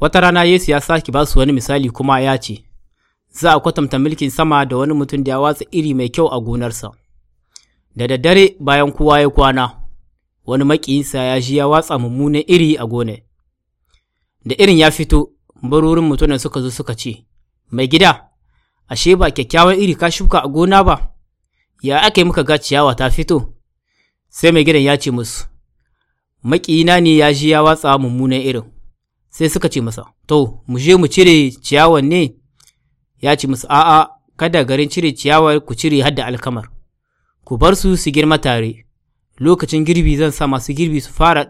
Wata rana Yesu ya sake ba su wani misali kuma ya ce, Za a kwatanta mulkin sama da wani mutum da ya watsa iri mai kyau a gonarsa. Da daddare bayan kowa ya kwana, wani makiyinsa ya ji ya watsa mummunan iri a gonar. Da irin ya fito, barorin mutumin suka zo suka ce, Mai gida, ashe ba kyakkyawan iri ka shuka a gona ba, ya aka yi muka ga ciyawa ta fito? Sai mai gidan ya ce musu, makiyina ne ya ji ya watsa mummunan irin. sai suka ce masa, To, mu je mu cire ciyawar ne? Ya ce musu, A'a, kada garin cire ciyawar ku cire hadda alkamar, ku bar su su girma tare, lokacin girbi zan sa masu girbi su fara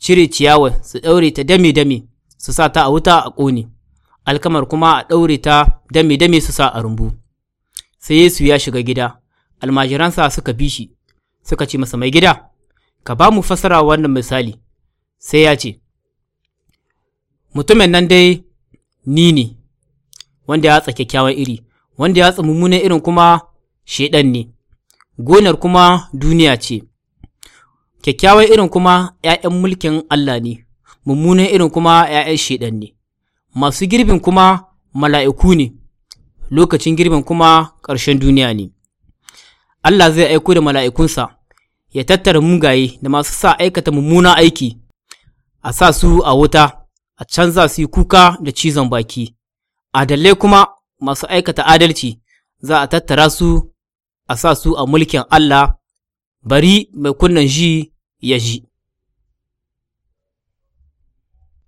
cire ciyawar su ɗaure ta dame-dame su sa ta a wuta a ƙone, alkamar kuma a ɗaure ta dame-dame su sa a rumbu. Sai Yesu ya shiga gida, almajiransa suka bi shi, suka ce masa mai gida, ka ba mu fasara wannan misali, sai ya ce, mutumin nan dai ni ne wanda ya tsake kyakkyawan iri wanda ya mummunan irin kuma shaidan ne gonar kuma duniya ce kyakkyawan irin kuma ‘ya'yan mulkin Allah ne mummunan irin kuma ‘ya'yan shaidan ne masu girbin kuma mala'iku ne lokacin girbin kuma ƙarshen duniya ne Allah zai aiko da mala'ikunsa ya tattara mugaye da masu sa aikata mummunan aiki a sa su a wuta a can za su yi kuka da cizon baki, adalai kuma masu aikata adalci za a tattara su a sa su a mulkin Allah, bari mai kunnan ji ya ji.